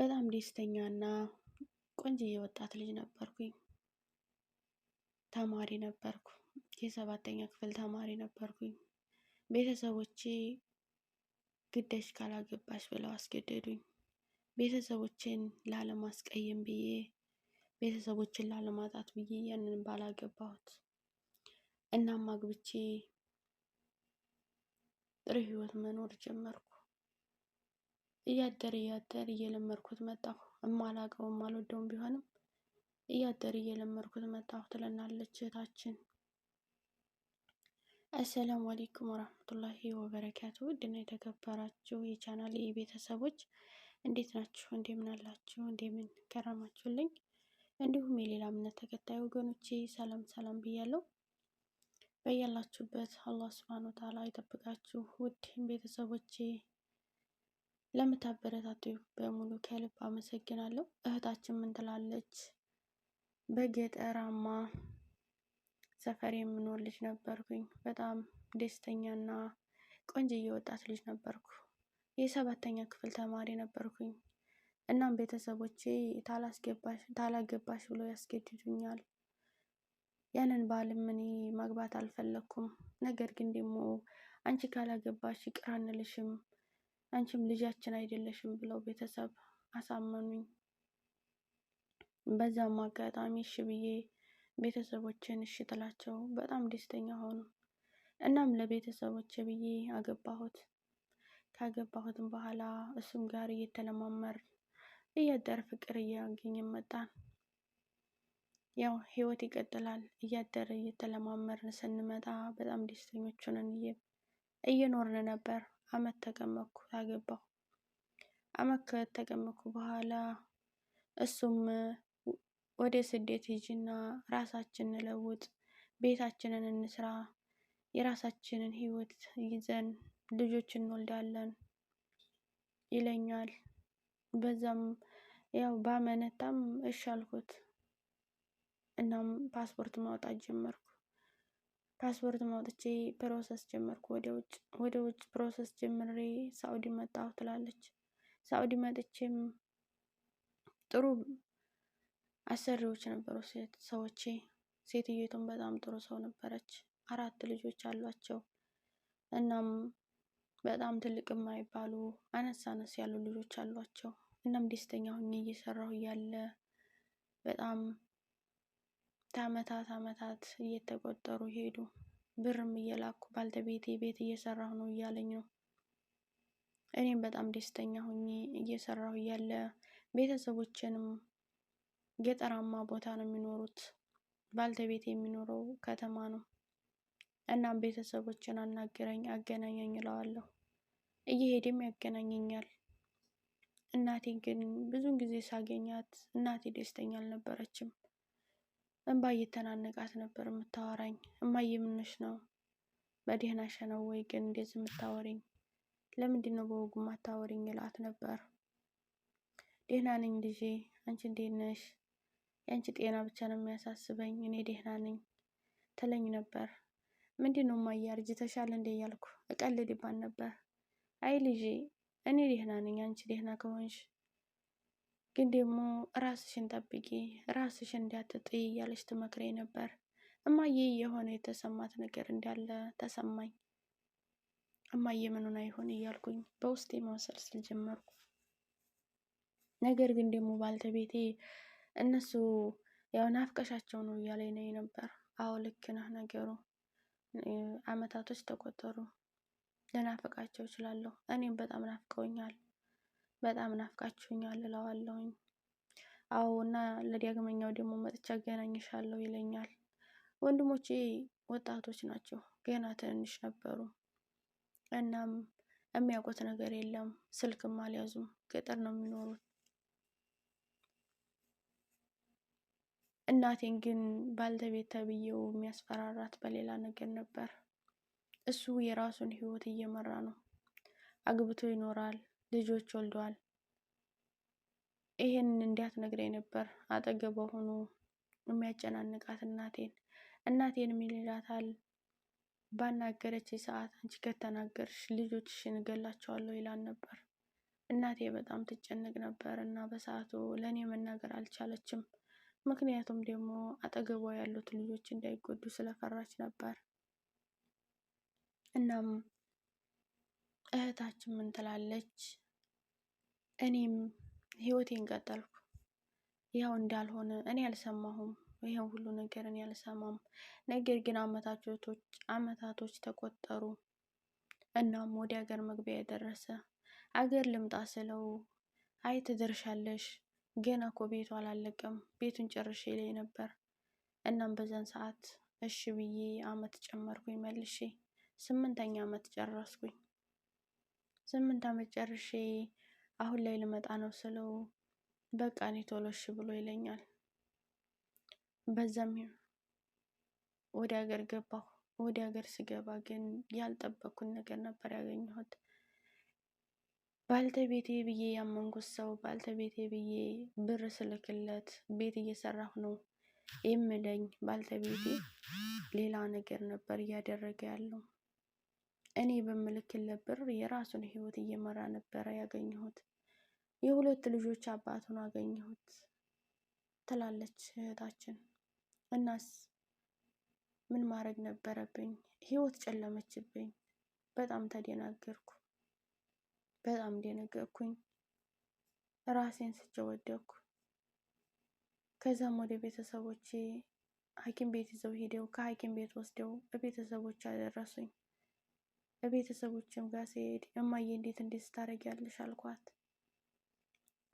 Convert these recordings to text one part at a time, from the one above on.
በጣም ደስተኛ እና ቆንጅዬ ወጣት ልጅ ነበርኩኝ። ተማሪ ነበርኩ። የሰባተኛ ክፍል ተማሪ ነበርኩኝ። ቤተሰቦቼ ግዳጅ ካላገባሽ ብለው አስገደዱኝ። ቤተሰቦቼን ላለማስቀየም ብዬ ቤተሰቦችን ላለማጣት ብዬ ያንን ባላገባሁት። እናም አግብቼ ጥሩ ህይወት መኖር ጀመርኩ። እያደር እያደር እየለመድኩት መጣሁ። እማላቀው እማልወደውም ቢሆንም እያደር እየለመድኩት መጣሁ ትለናለች እህታችን። አሰላሙ አሌይኩም ወራህመቱላሂ ወበረካቱ። ውድና የተከበራችሁ የቻናል ቤተሰቦች እንዴት ናችሁ? እንደምን አላችሁ? እንደምን ከረማችሁልኝ? እንዲሁም የሌላ እምነት ተከታይ ወገኖቼ ሰላም ሰላም ብያለሁ። በያላችሁበት አላህ ስብሃነ ወተዓላ ይጠብቃችሁ። ውድ ቤተሰቦቼ ለምታበረታቱ በሙሉ ከልብ አመሰግናለሁ። እህታችን ምን ትላለች? በገጠራማ ሰፈር የምኖር ልጅ ነበርኩኝ። በጣም ደስተኛና ቆንጅዬ ወጣት ልጅ ነበርኩ። የሰባተኛ ክፍል ተማሪ ነበርኩኝ። እናም ቤተሰቦቼ ታላገባሽ ብሎ ያስገድዱኛል። ያንን ባልም እኔ ማግባት አልፈለግኩም። ነገር ግን ደግሞ አንቺ ካላገባሽ ይቅር አንልሽም አንቺም ልጃችን አይደለሽም ብለው ቤተሰብ አሳመኑኝ። በዛም አጋጣሚ እሺ ብዬ ቤተሰቦችን እሺ ትላቸው በጣም ደስተኛ ሆኑ። እናም ለቤተሰቦች ብዬ አገባሁት። ካገባሁትም በኋላ እሱም ጋር እየተለማመር እያደር ፍቅር እያገኘ መጣን። ያው ህይወት ይቀጥላል። እያደር እየተለማመርን ስንመጣ በጣም ደስተኞች ሆነን እየኖርን ነበር። አመት ተቀመኩ አገባሁ። አመት ከተቀመኩ በኋላ እሱም ወደ ስደት ሂጂና ራሳችንን እንለውጥ፣ ቤታችንን እንስራ፣ የራሳችንን ህይወት ይዘን ልጆች እንወልዳለን ይለኛል። በዛም ያው ባመነታም እሻልኩት። አልኩት። እናም ፓስፖርት ማውጣት ጀመርኩ። ፓስፖርት ማውጥቼ ፕሮሰስ ጀመርኩ። ወደ ውጭ ፕሮሰስ ጀምሬ ሳኡዲ መጣሁ ትላለች። ሳኡዲ መጥቼም ጥሩ አሰሪዎች ነበሩ ሰዎቼ። ሴትዮቱም በጣም ጥሩ ሰው ነበረች። አራት ልጆች አሏቸው። እናም በጣም ትልቅ የማይባሉ አነስ አነስ ያሉ ልጆች አሏቸው። እናም ደስተኛ ሁኜ እየሰራሁ እያለ በጣም ዓመታት አመታት እየተቆጠሩ ሄዱ። ብርም እየላኩ ባልተቤቴ ቤት እየሰራሁ ነው እያለኝ ነው። እኔም በጣም ደስተኛ ሁኜ እየሰራሁ እያለ ቤተሰቦችንም ገጠራማ ቦታ ነው የሚኖሩት። ባልተቤቴ የሚኖረው ከተማ ነው። እናም ቤተሰቦችን አናገረኝ አገናኘኝ እለዋለሁ። እየሄደም ያገናኘኛል። እናቴ ግን ብዙን ጊዜ ሳገኛት እናቴ ደስተኛ አልነበረችም። እንባ እየተናነቃት ነበር የምታወራኝ። እማዬ ምንሽ ነው? በደህናሽ ነው ወይ? ግን እንደዚህ የምታወሪኝ? ለምንድን ነው በወጉ የማታወሪኝ? ይላት ነበር። ደህና ነኝ ልጄ፣ አንቺ እንዴት ነሽ? የአንቺ ጤና ብቻ ነው የሚያሳስበኝ፣ እኔ ደህና ነኝ ትለኝ ነበር። ምንድን ነው እማዬ አርጅተሻል እንዴ? እያልኩ ይባል ነበር። አይ ልጄ፣ እኔ ደህና ነኝ፣ አንቺ ደህና ከሆንሽ ግን ደግሞ ራስሽን ጠብቂ፣ ራስሽን እንዳትጥይ እያለች ትመክሬ ነበር። እማዬ የሆነ የተሰማት ነገር እንዳለ ተሰማኝ። እማዬ ምኑን አይሆን እያልኩኝ በውስጤ መመሰልሰል ጀመርኩ። ነገር ግን ደግሞ ባልተቤቴ እነሱ ያው ናፍቀሻቸው ነው እያለኝ ነው ነበር። አዎ ልክ ነህ፣ ነገሩ አመታቶች ተቆጠሩ። ልናፍቃቸው እችላለሁ። እኔም በጣም ናፍቀውኛል። በጣም ናፍቃችሁኛል እለዋለሁኝ። አዎ እና ለዳግመኛው ደግሞ መጥቼ አገናኝሻለሁ ይለኛል። ወንድሞቼ ወጣቶች ናቸው ገና ትንንሽ ነበሩ። እናም የሚያውቁት ነገር የለም ስልክም አልያዙም ገጠር ነው የሚኖሩት። እናቴን ግን ባልተቤት ተብዬው የሚያስፈራራት በሌላ ነገር ነበር። እሱ የራሱን ህይወት እየመራ ነው። አግብቶ ይኖራል ልጆች ወልደዋል። ይሄን ነግረኝ ነበር አጠገቧ ሆኖ የሚያጨናንቃት እናቴን እናቴን ምን ይላታል? ባናገረች ሰዓት አንቺ ከተናገርሽ ልጆችሽን እገላቸዋለሁ ይላል ነበር። እናቴ በጣም ትጨነቅ ነበር እና በሰዓቱ ለእኔ መናገር አልቻለችም። ምክንያቱም ደግሞ አጠገቧ ያሉት ልጆች እንዳይጎዱ ስለፈራች ነበር። እናም እህታችን ምን ትላለች? እኔም ህይወቴን ቀጠልኩ። ያው እንዳልሆነ እኔ አልሰማሁም፣ ይህን ሁሉ ነገር እኔ አልሰማም። ነገር ግን አመታቶች ተቆጠሩ። እናም ወደ ሀገር መግቢያ የደረሰ አገር ልምጣ ስለው አይ ትደርሻለሽ፣ ገና እኮ ቤቱ አላለቀም፣ ቤቱን ጨርሼ ላይ ነበር። እናም በዛን ሰዓት እሺ ብዬ አመት ጨመርኩኝ፣ መልሼ ስምንተኛ አመት ጨረስኩኝ። ስምንት ዓመት ጨርሼ አሁን ላይ ልመጣ ነው ስለው በቃ እኔ ቶሎ እሺ ብሎ ይለኛል። በዛም ወደ ሀገር ገባሁ። ወደ ሀገር ስገባ ግን ያልጠበኩት ነገር ነበር ያገኘሁት። ባልተቤቴ ብዬ ያመንኩት ሰው ባልተቤቴ ብዬ ብር ስልክለት ቤት እየሰራሁ ነው የምለኝ ባልተቤቴ ሌላ ነገር ነበር እያደረገ ያለው። እኔ በምልክለት ብር የራሱን ህይወት እየመራ ነበረ ያገኘሁት። የሁለት ልጆች አባቱን አገኘሁት ትላለች እህታችን። እናስ ምን ማድረግ ነበረብኝ? ህይወት ጨለመችብኝ። በጣም ተደናገርኩ። በጣም ደነገርኩኝ። ራሴን ስቼ ወደኩ። ከዛም ወደ ቤተሰቦቼ ሐኪም ቤት ይዘው ሄደው ከሐኪም ቤት ወስደው ቤተሰቦች አደረሱኝ። ቤተሰቦችም ጋር ሲሄድ እማዬ እንዴት እንዴት ስታደርጊያለሽ አልኳት።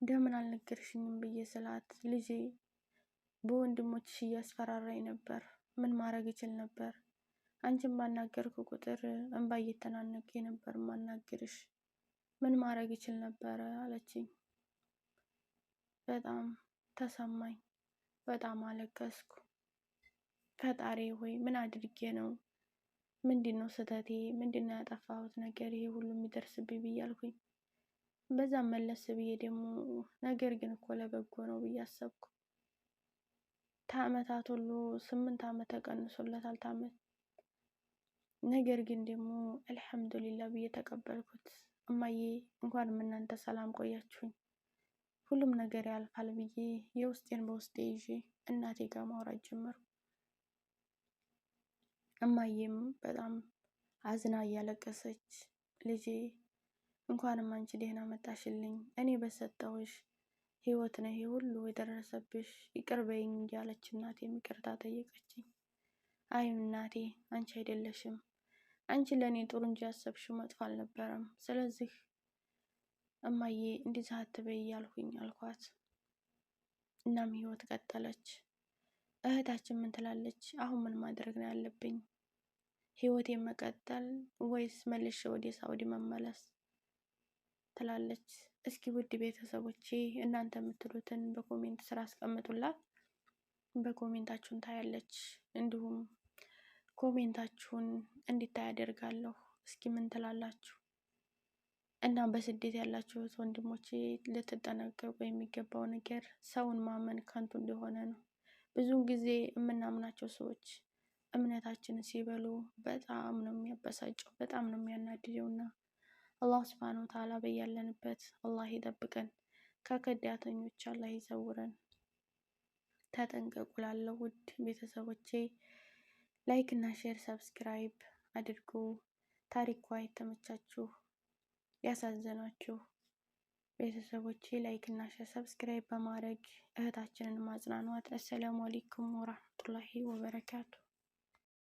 እንደምን አልነገርሽኝም ብዬ ስላት ልጄ በወንድሞችሽ እያስፈራራኝ ነበር፣ ምን ማድረግ ይችል ነበር? አንቺን ባናገርኩ ቁጥር እንባ እየተናነቀ ነበር ማናገርሽ፣ ምን ማድረግ ይችል ነበረ አለችኝ። በጣም ተሰማኝ፣ በጣም አለቀስኩ። ፈጣሪ ሆይ ምን አድርጌ ነው ምንድን ነው ስህተቴ? ምንድን ነው ያጠፋሁት ነገር ይሄ ሁሉ የሚደርስብኝ ብዬ አልኩኝ። በዛም መለስ ብዬ ደግሞ ነገር ግን እኮ ለበጎ ነው ብዬ አሰብኩ። ከአመታት ሁሉ ስምንት አመት ተቀንሶለታል ታመት። ነገር ግን ደግሞ አልሐምዱሊላ ብዬ ተቀበልኩት። እማዬ እንኳንም እናንተ ሰላም ቆያችሁኝ፣ ሁሉም ነገር ያልፋል ብዬ የውስጤን በውስጤ ይዤ እናቴ ጋር ማውራት ጀመርኩ። እማዬም በጣም አዝና እያለቀሰች ልጄ እንኳንም አንቺ ደህና መጣሽልኝ፣ እኔ በሰጠውሽ ህይወት ነው ይሄ ሁሉ የደረሰብሽ፣ ይቅር በይኝ እያለች እናቴም ይቅርታ ጠየቀችኝ። አይ እናቴ አንቺ አይደለሽም፣ አንቺ ለእኔ ጥሩ እንጂ ያሰብሽው መጥፎ አልነበረም። ስለዚህ እማዬ እንዲህ አትበይ እያልኩኝ አልኳት። እናም ህይወት ቀጠለች። እህታችን ምን ትላለች? አሁን ምን ማድረግ ነው ያለብኝ? ህይወት መቀጠል ወይስ መልሼ ወደ ሳውዲ መመለስ ትላለች። እስኪ ውድ ቤተሰቦቼ እናንተ የምትሉትን በኮሜንት ስራ አስቀምጡላት። በኮሜንታችሁን ታያለች። እንዲሁም ኮሜንታችሁን እንዲታይ አደርጋለሁ። እስኪ ምን ትላላችሁ? እና በስደት ያላችሁት ወንድሞቼ ልትጠነቀቁ የሚገባው ነገር ሰውን ማመን ከንቱ እንደሆነ ነው። ብዙውን ጊዜ የምናምናቸው ሰዎች እምነታችንን ሲበሉ በጣም ነው የሚያበሳጨው፣ በጣም ነው የሚያናድደው። እና አላህ ስብሃነሁ ወተዓላ በያለንበት አላህ ይጠብቀን፣ ከከዳተኞች አላህ ይሰውረን። ተጠንቀቁላለሁ ውድ ቤተሰቦቼ። ላይክ እና ሼር ሰብስክራይብ አድርጉ። ታሪኳ የተመቻችሁ ያሳዘናችሁ ቤተሰቦቼ ላይክ እና ሼር ሰብስክራይብ በማድረግ እህታችንን ማጽናኗት። አሰላሙ አለይኩም ወራህመቱላሂ ወበረካቱ